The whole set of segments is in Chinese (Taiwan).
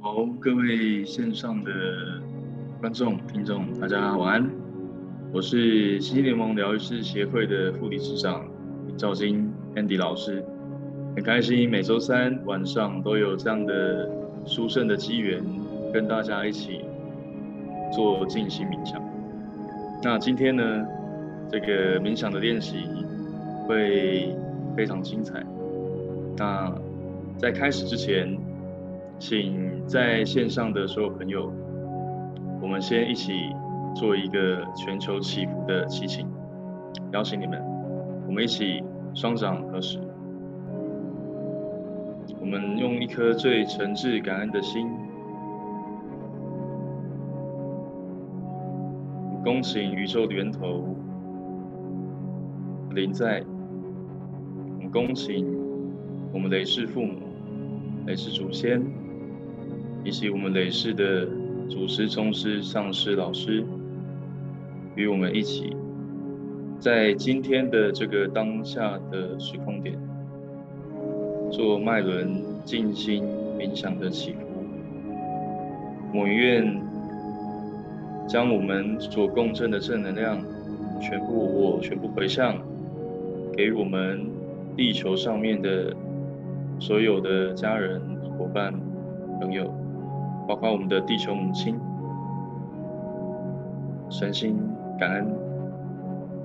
好、哦，各位線上的觀眾、聽眾，大家晚安。我是星聯盟療癒師協會的副理事長趙興 Andy 老師，很開心每周三晚上都有這樣的殊勝的機緣，跟大家一起做靜心冥想。那今天呢，這個冥想的練習會非常精彩。那在開始之前，請在線上的所有朋友，我們先一起做一個全球祈福的祈請，邀請你們，我們一起雙掌合十，我們用一顆最誠摯感恩的心，恭請宇宙的源頭臨在，我恭請我們雷氏父母、雷氏祖先。以及我們累世的祖師、宗師、上師、老師，與我們一起，在今天的這個當下的時空點，做脈輪靜心冥想的祈福。我願將我們所共振的正能量，全部我全部回向，給我們地球上面的所有的家人、夥伴、朋友。包括我們的地球母親，誠心感恩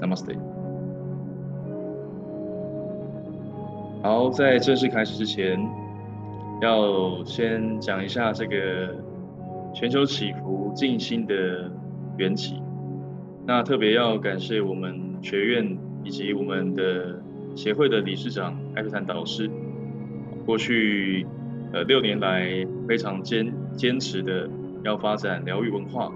，Namaste。好，在正式開始之前，要先講一下這個全球祈福靜心的緣起。那特別要感謝我們學院以及我們的協會的理事長艾菲坦導師，過去呃六年來非常堅堅持的要發展療癒文化，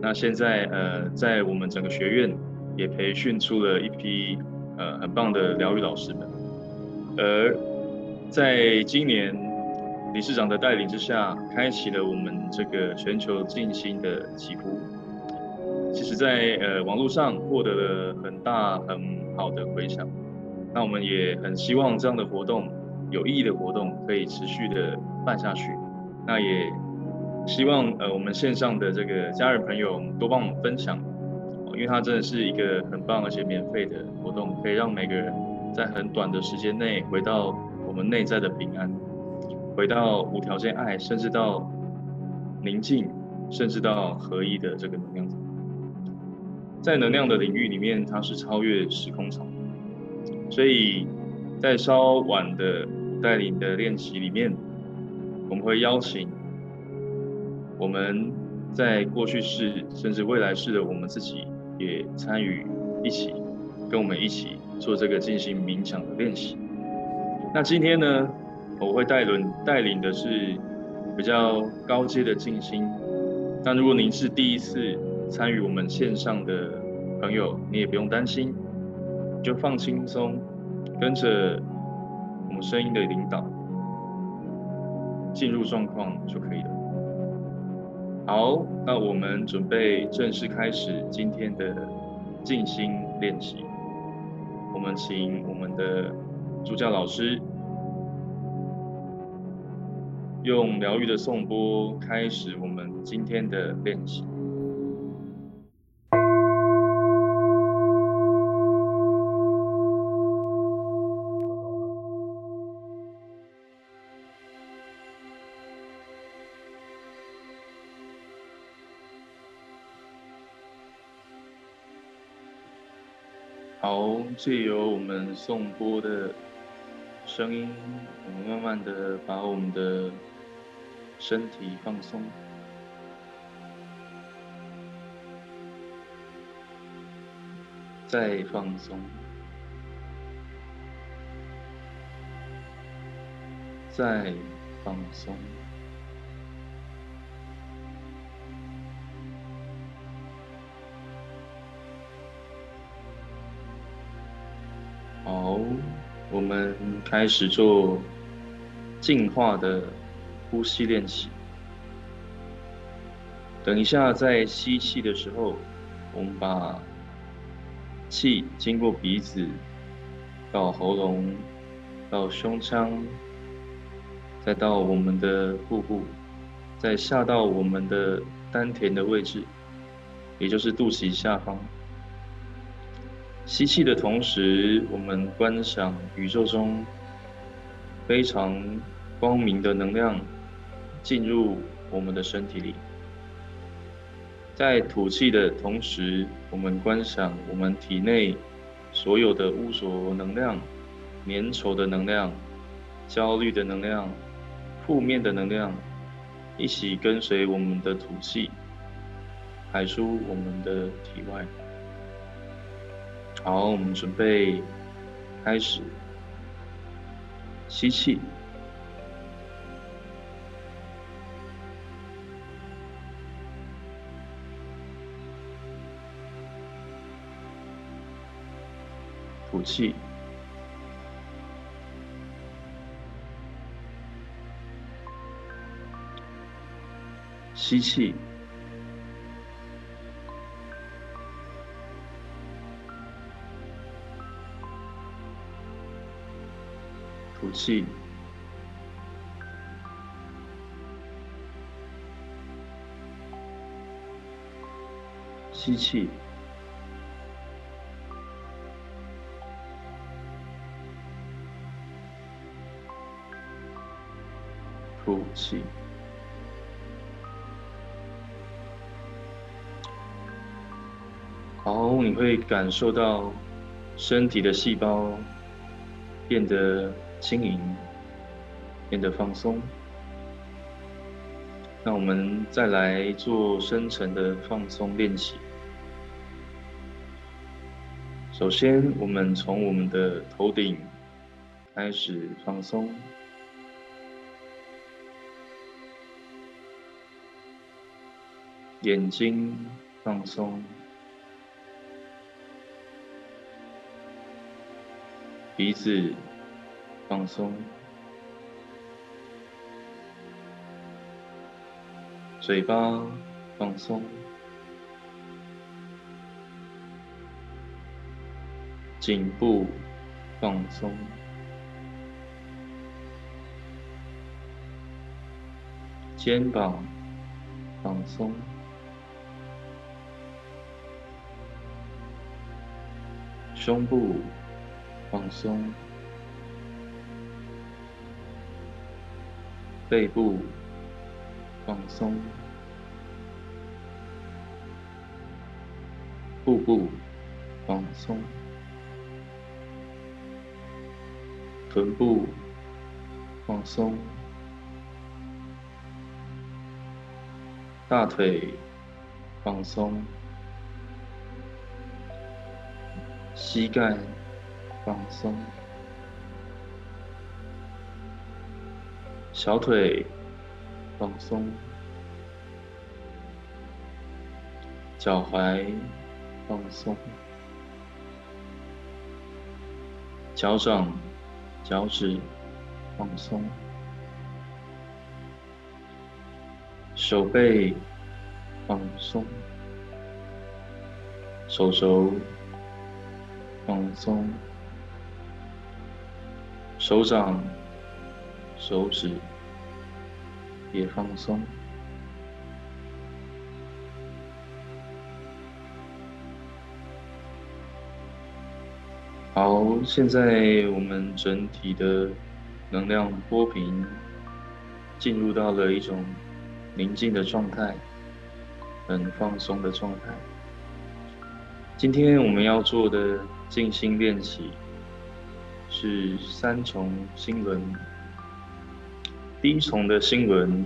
那現在呃，在我們整個學院也培訓出了一批呃很棒的療癒老師們，而在今年理事長的帶領之下，開啟了我們這個全球靜心的祈福。其實在呃網絡上獲得了很大很好的回響，那我們也很希望這樣的活動，有意義的活動可以持續的辦下去，那也。希望呃，我們線上的這個家人朋友多幫我們分享，因為它真的是一個很棒而且免費的活動，可以讓每個人在很短的時間內回到我們內在的平安，回到無條件愛，甚至到寧靜，甚至到合一的這個能量場。在能量的領域裡面，它是超越時空場。所以在稍晚的帶領的練習裡面，我們會邀請。我們在過去式，甚至未來式的我們自己也參與，一起跟我們一起做這個進行冥想的練習。那今天呢，我會帶輪帶領的是比較高階的靜心。但如果您是第一次參與我們線上的朋友，你也不用擔心，就放輕鬆，跟着我們聲音的引導進入狀況就可以了。好，那我們準備正式開始今天的靜心練習。我們請我們的助教老師用療癒的頌缽開始我們今天的練習。好，借由我們頌缽的聲音，我們慢慢的把我們的身體放鬆，再放鬆，再放鬆。我們開始做淨化的呼吸練習。等一下，在吸氣的時候，我們把氣經過鼻子，到喉嚨，到胸腔，再到我們的腹部，部，再下到我們的丹田的位置，也就是肚臍下方。吸氣的同時，我們觀想宇宙中非常光明的能量進入我們的身體裡。在吐氣的同時，我們觀想我們體內所有的污濁能量、粘稠的能量、焦慮的能量、負面的能量，一起跟隨我們的吐氣排出我們的體外。好，我們準備開始，吸氣，吐氣，吸氣。氣吸，吸氣，呼氣，然後你會感受到身體的細胞變得。輕盈，變得放鬆。那我們再來做深層的放鬆練習。首先，我們從我們的頭頂開始放鬆，眼睛放鬆，鼻子。放鬆，嘴巴放鬆，頸部放鬆，肩膀放鬆，胸部放鬆。背部放鬆，腹部放鬆，臀部放鬆，大腿放鬆，膝蓋放鬆。小腿放鬆，腳踝放鬆，腳掌、腳趾放鬆，手背放鬆，手肘放鬆，手掌、手指。也放鬆。好，現在我們整體的能量波平進入到了一種寧靜的狀態，很放鬆的狀態。今天我們要做的靜心練習是三重心輪。第一重的星輪，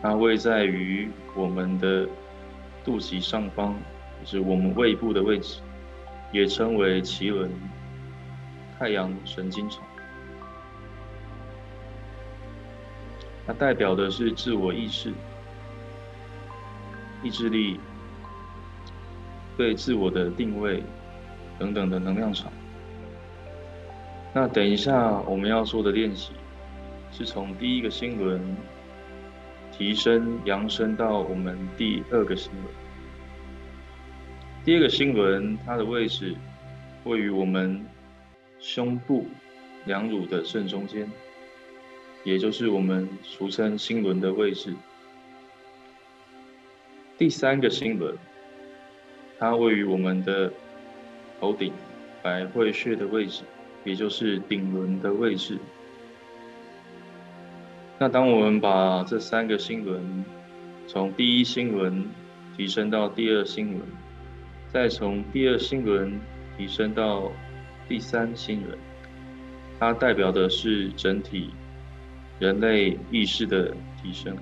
它位在於我們的肚臍上方，就是我們胃部的位置，也稱為臍輪、太陽神經叢。它代表的是自我意識、意志力、對自我的定位等等的能量場。那等一下我們要做的練習。是從第一個心輪提升、揚升到我們第二個心輪。第二個心輪它的位置位於我們胸部兩乳的正中間，也就是我們俗稱心輪的位置。第三個心輪，它位於我們的頭頂百會穴的位置，也就是頂輪的位置。那當我們把這三個心輪，從第一心輪提升到第二心輪，再從第二心輪提升到第三心輪，它代表的是整體人類意識的提升。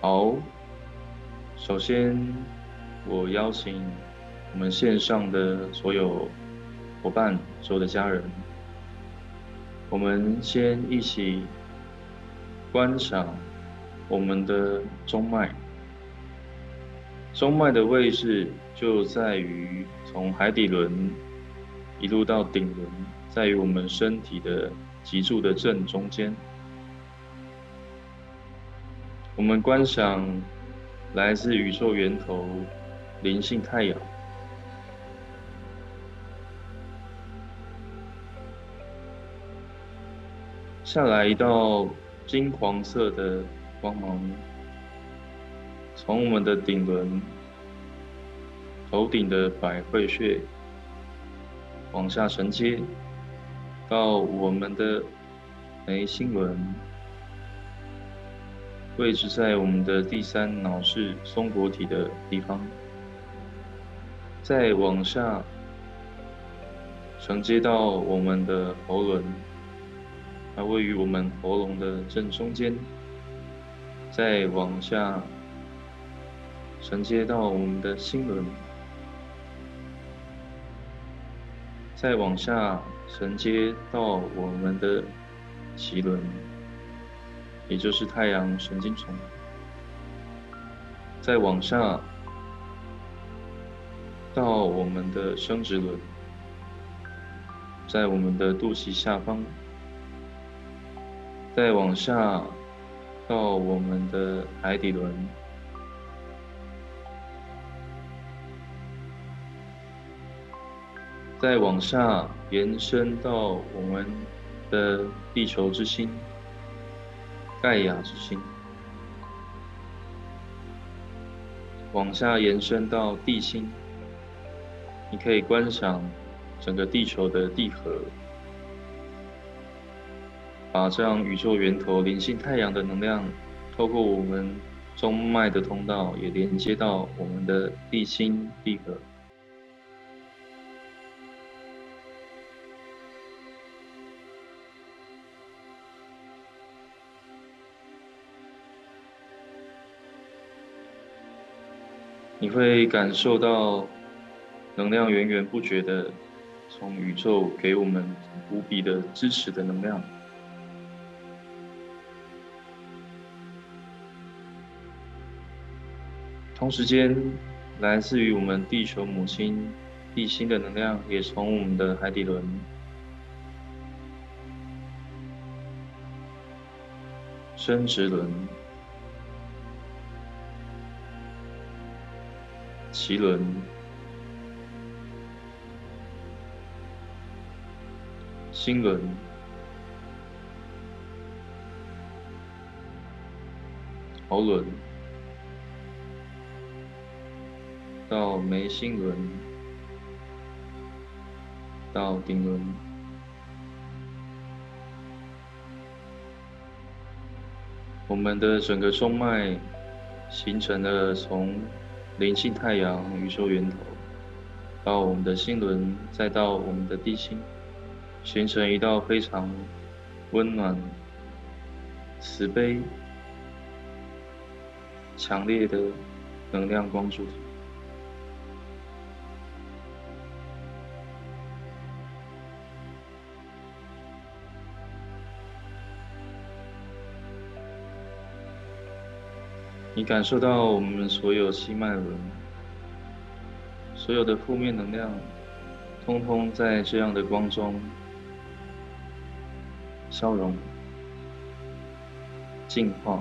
好，首先我邀請我們線上的所有夥伴、所有的家人。我們先一起觀想我們的中脈。中脈的位置就在於從海底輪一路到頂輪，在於我們身體的脊柱的正中間。我們觀想來自宇宙源頭靈性太陽。再來一道金黃色的光芒，從我們的頂輪、頭頂的百會穴往下承接，到我們的眉心輪，位置在我們的第三腦室松果體的地方，再往下承接到我們的喉輪。它位於我們喉嚨的正中間，再往下，承接到我們的心輪，再往下承接到我們的臍輪，也就是太陽神經叢，再往下，到我們的生殖輪，在我們的肚臍下方。再往下，到我們的海底輪，再往下延伸到我們的地球之心、蓋亞之心，往下延伸到地心，你可以觀賞整個地球的地核。把這樣宇宙源頭靈性太陽的能量，透過我們中脈的通道，也連接到我們的地心地核。你會感受到能量源源不絕的從宇宙給我們無比的支持的能量。同時間，來自於我們地球母親地心的能量，也從我們的海底輪、生殖輪、臍輪、心輪、喉輪。到眉心輪，到頂輪，我們的整個中脈形成了從靈性太陽宇宙源頭，到我們的心輪，再到我們的地心，形成一道非常溫暖、慈悲、強烈的能量光柱。你感受到我們所有七脈輪，所有的負面能量，通通在這樣的光中消融、淨化。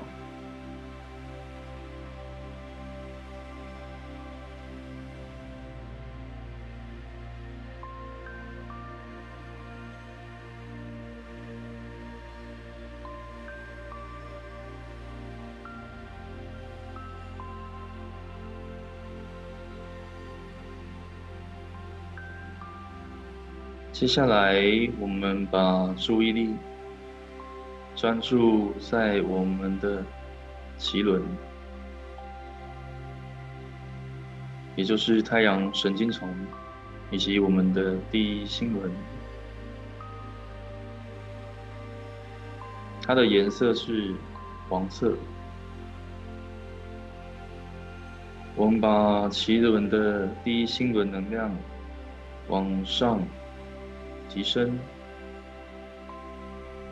接下來，我們把注意力專注在我們的臍輪，也就是太陽神經叢，以及我們的第一星輪。它的顏色是黃色。我們把臍輪的第一星輪能量往上。提升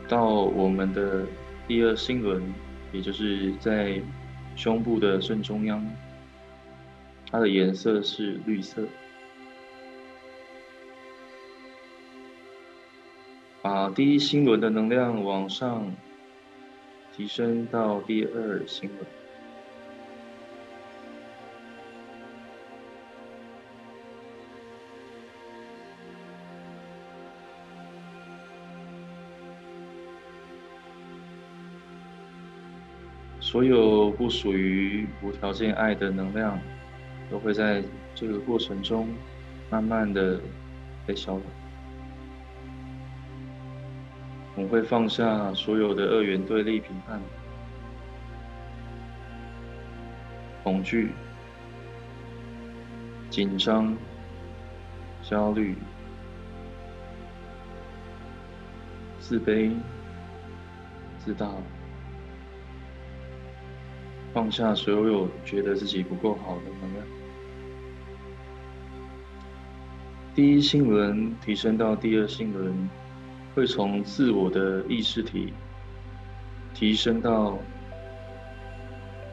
到我們的第二心輪，也就是在胸部的正中央，它的顏色是綠色。把第一心輪的能量往上提升到第二心輪。所有不屬於無條件愛的能量，都會在這個過程中慢慢的被消融。我們會放下所有的二元對立、評判、恐懼、緊張、焦慮、自卑、自大。放下所有覺得自己不夠好的能量。第一性輪提升到第二性輪，會從自我的意識體提升到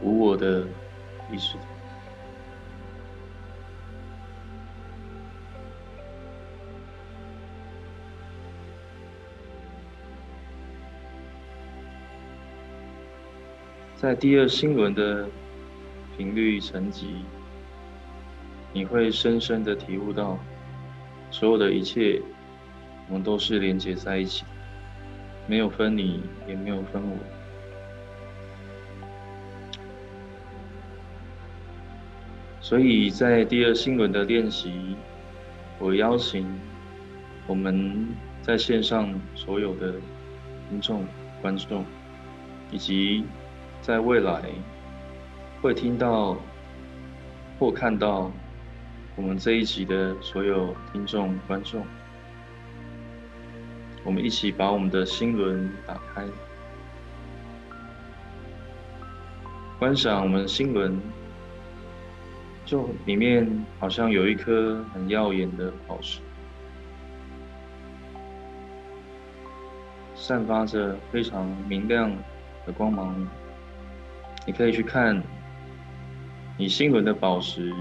無我的意識體。在第二新輪的頻率層級，你會深深的體悟到，所有的一切，我們都是連接在一起，沒有分你，也沒有分我。所以在第二新輪的練習，我邀請我們在線上所有的聽眾、觀眾以及。在未來，會聽到或看到我們這一集的所有聽眾、觀眾，我們一起把我們的心輪打開，觀想我們心輪，就裡面好像有一顆很耀眼的寶石，散發着非常明亮的光芒。你可以去看你心輪的寶石，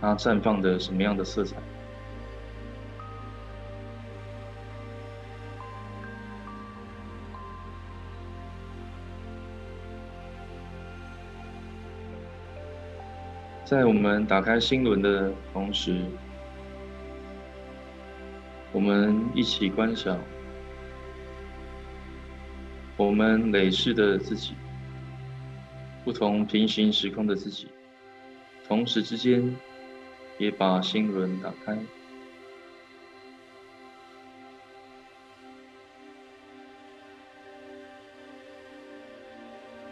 它綻放的什麼樣的色彩？在我們打開心輪的同時，我們一起觀想我們累世的自己。不同平行時空的自己，同時之間也把心輪打開，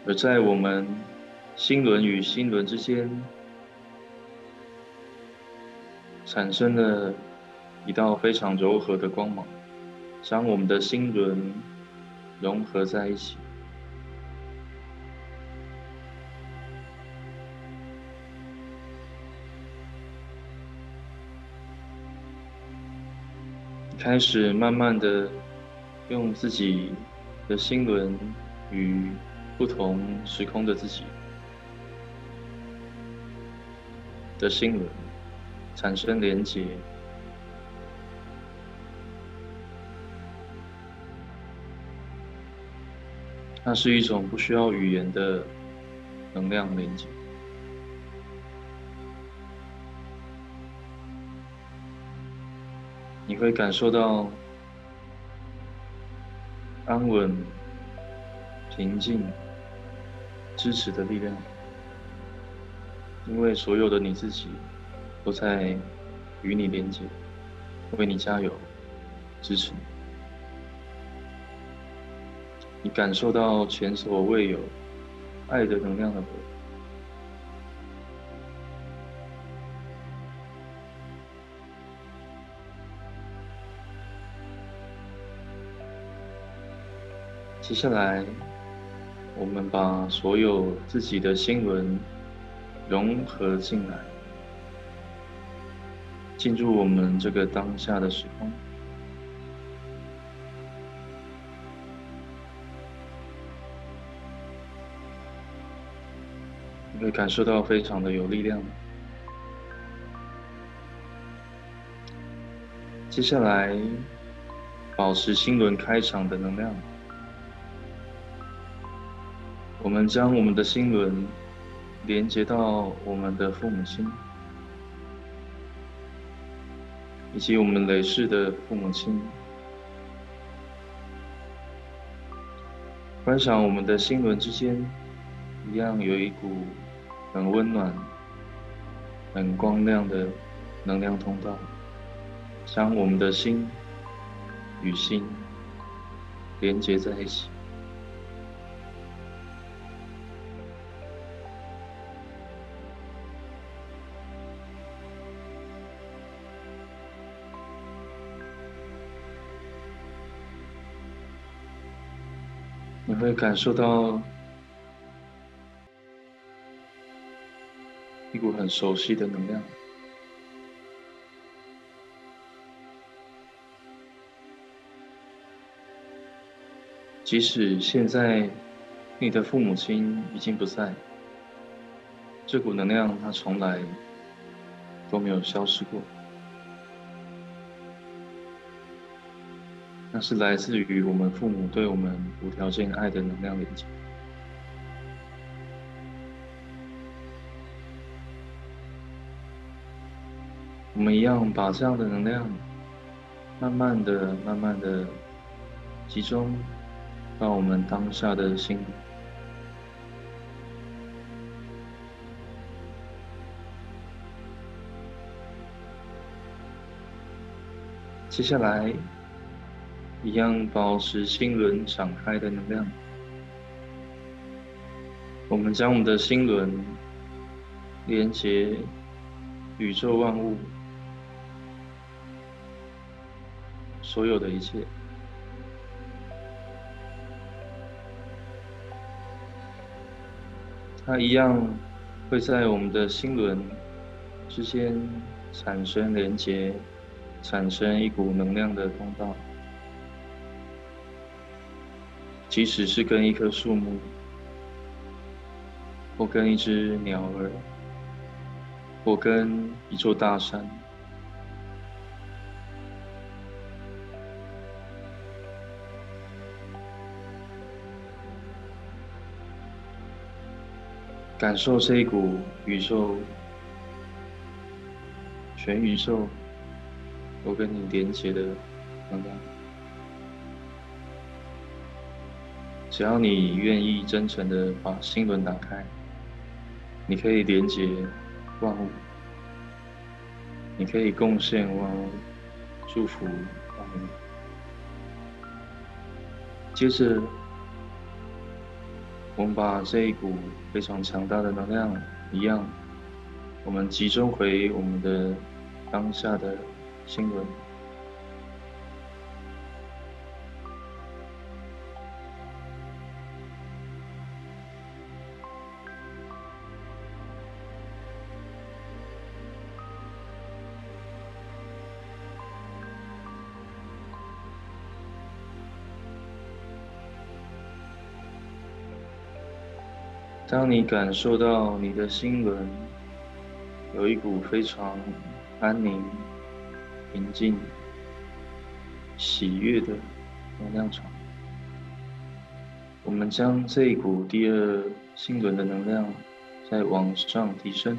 而在我們心輪與心輪之間，產生了一道非常柔和的光芒，將我們的心輪融合在一起。開始慢慢的，用自己的心輪與不同時空的自己的心輪產生連接，那是一種不需要語言的能量連接。你會感受到安穩、平靜、支持的力量，因為所有的你自己都在與你連接，為你加油、支持你。你感受到前所未有愛的能量的。接下來，我們把所有自己的心輪融合進來，進入我們這個當下的時空，你會感受到非常的有力量。接下來，保持心輪開場的能量。我們將我們的心輪連接到我們的父母親，以及我們累世的父母親，觀想我們的心輪之間，一樣有一股很溫暖、很光亮的能量通道，將我們的心與心連接在一起。你會感受到一股很熟悉的能量，即使現在你的父母親已經不在，這股能量它從來都沒有消失過。那是來自於我們父母對我們無條件愛的能量連接。我們一樣把這樣的能量，慢慢的、慢慢的集中到我們當下的心。接下來。一樣保持心輪敞開的能量，我們將我們的心輪連接宇宙萬物，所有的一切，它一樣會在我們的心輪之間產生連接，產生一股能量的通道。即使是跟一棵樹木，或跟一隻鳥兒，或跟一座大山，感受這一股宇宙、全宇宙，我跟你連接的能量。等等只要你願意真誠的把心輪打開，你可以連接萬物，你可以貢獻萬物，祝福萬物。接着，我們把這一股非常強大的能量一樣，我們集中回我們的當下的心輪。當你感受到你的心輪有一股非常安寧、平靜、喜悅的能量場，我們將這一股第二心輪的能量再往上提升，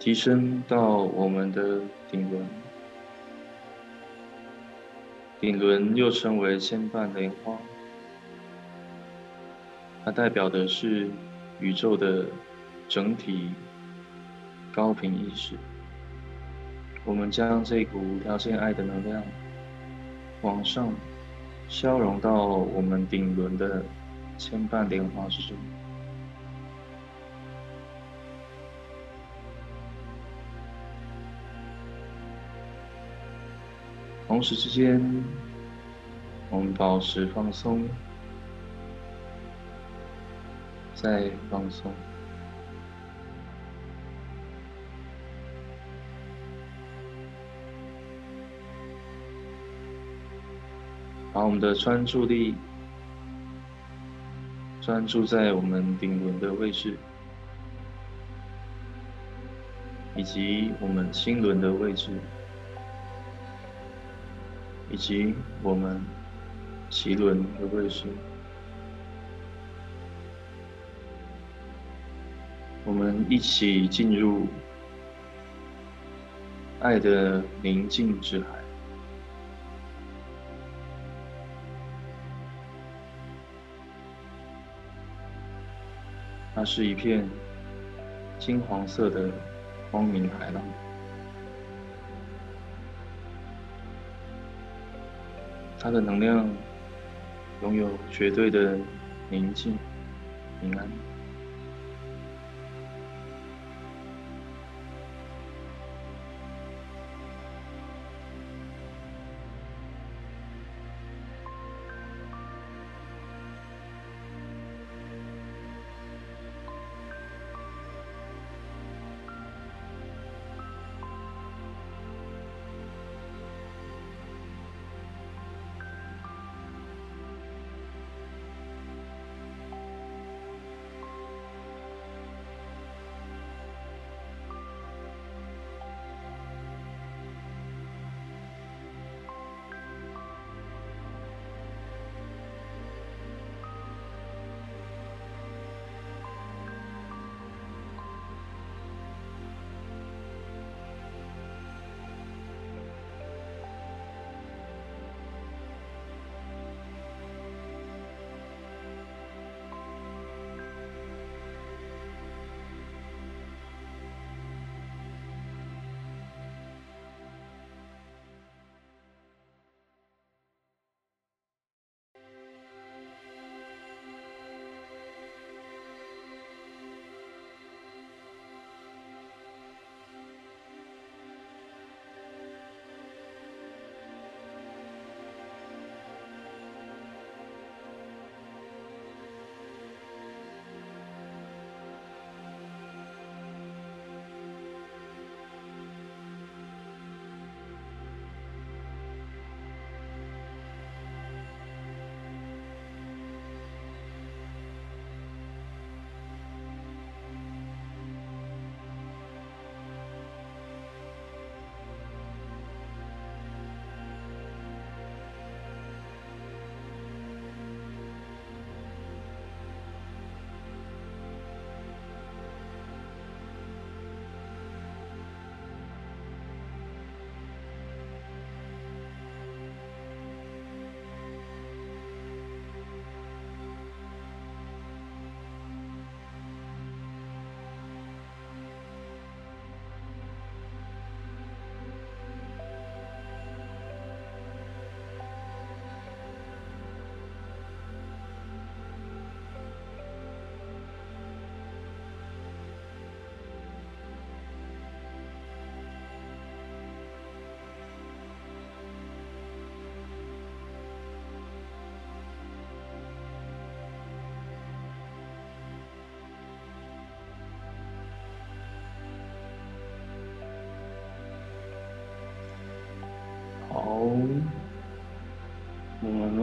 提升到我們的頂輪。頂輪又稱為千瓣蓮花，它代表的是宇宙的整體高頻意識。我們將這股無條件愛的能量往上消融到我們頂輪的千瓣蓮花之中。同時之間，我們保持放鬆，再放鬆，把我們的專注力專注在我們頂輪的位置，以及我們心輪的位置。以及我們奇倫和瑞士。我們一起進入愛的寧靜之海。那是一片金黃色的光明海浪。他的能量擁有絕對的寧靜、平安。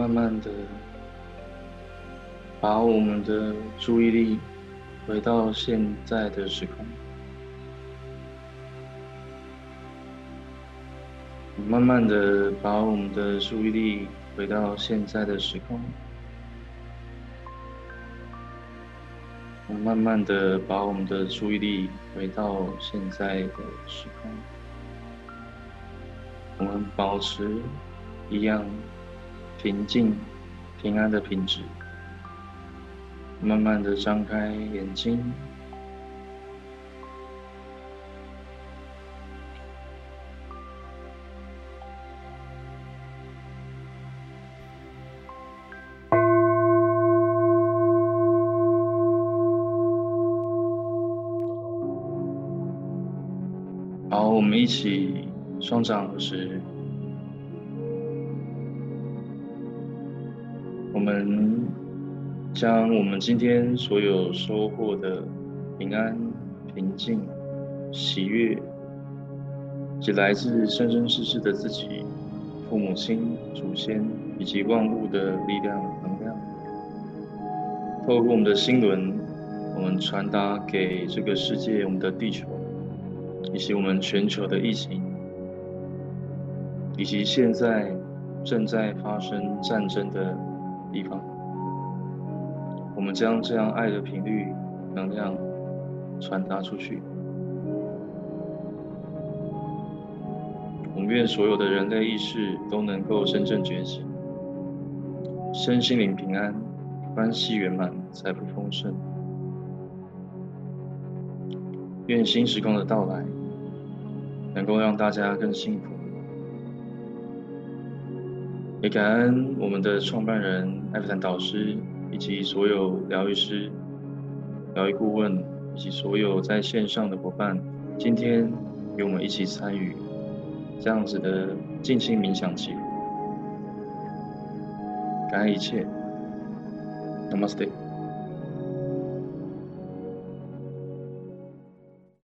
慢慢的，把我們的注意力回到現在的時空。慢慢的把我們的注意力回到現在的時空。慢慢的把我們的注意力回到現在的時空。我，我，我，我們保持一樣。平靜、平安的品質，慢慢的張開眼睛。好，我們一起雙掌合十。我們將我們今天所有收穫的平安、平靜、喜悅，及來自生生世世的自己、父母親、祖先以及萬物的力量、能量，透過我們的心輪，我們傳達給這個世界、我們的地球，以及我們全球的疫情，以及現在正在發生戰爭的地方，我們將這樣愛的頻率能量傳達出去。我們願所有的人類意識都能夠真正覺醒，身心靈平安，關係圓滿，財富豐盛。願新時空的到來能夠讓大家更幸福。也感恩我們的創辦人艾菲坦導師，以及所有療癒師、療癒顧問，以及所有在線上的夥伴，伴，今天與我們一起參與這樣子的靜心冥想期。感恩一切，Namaste。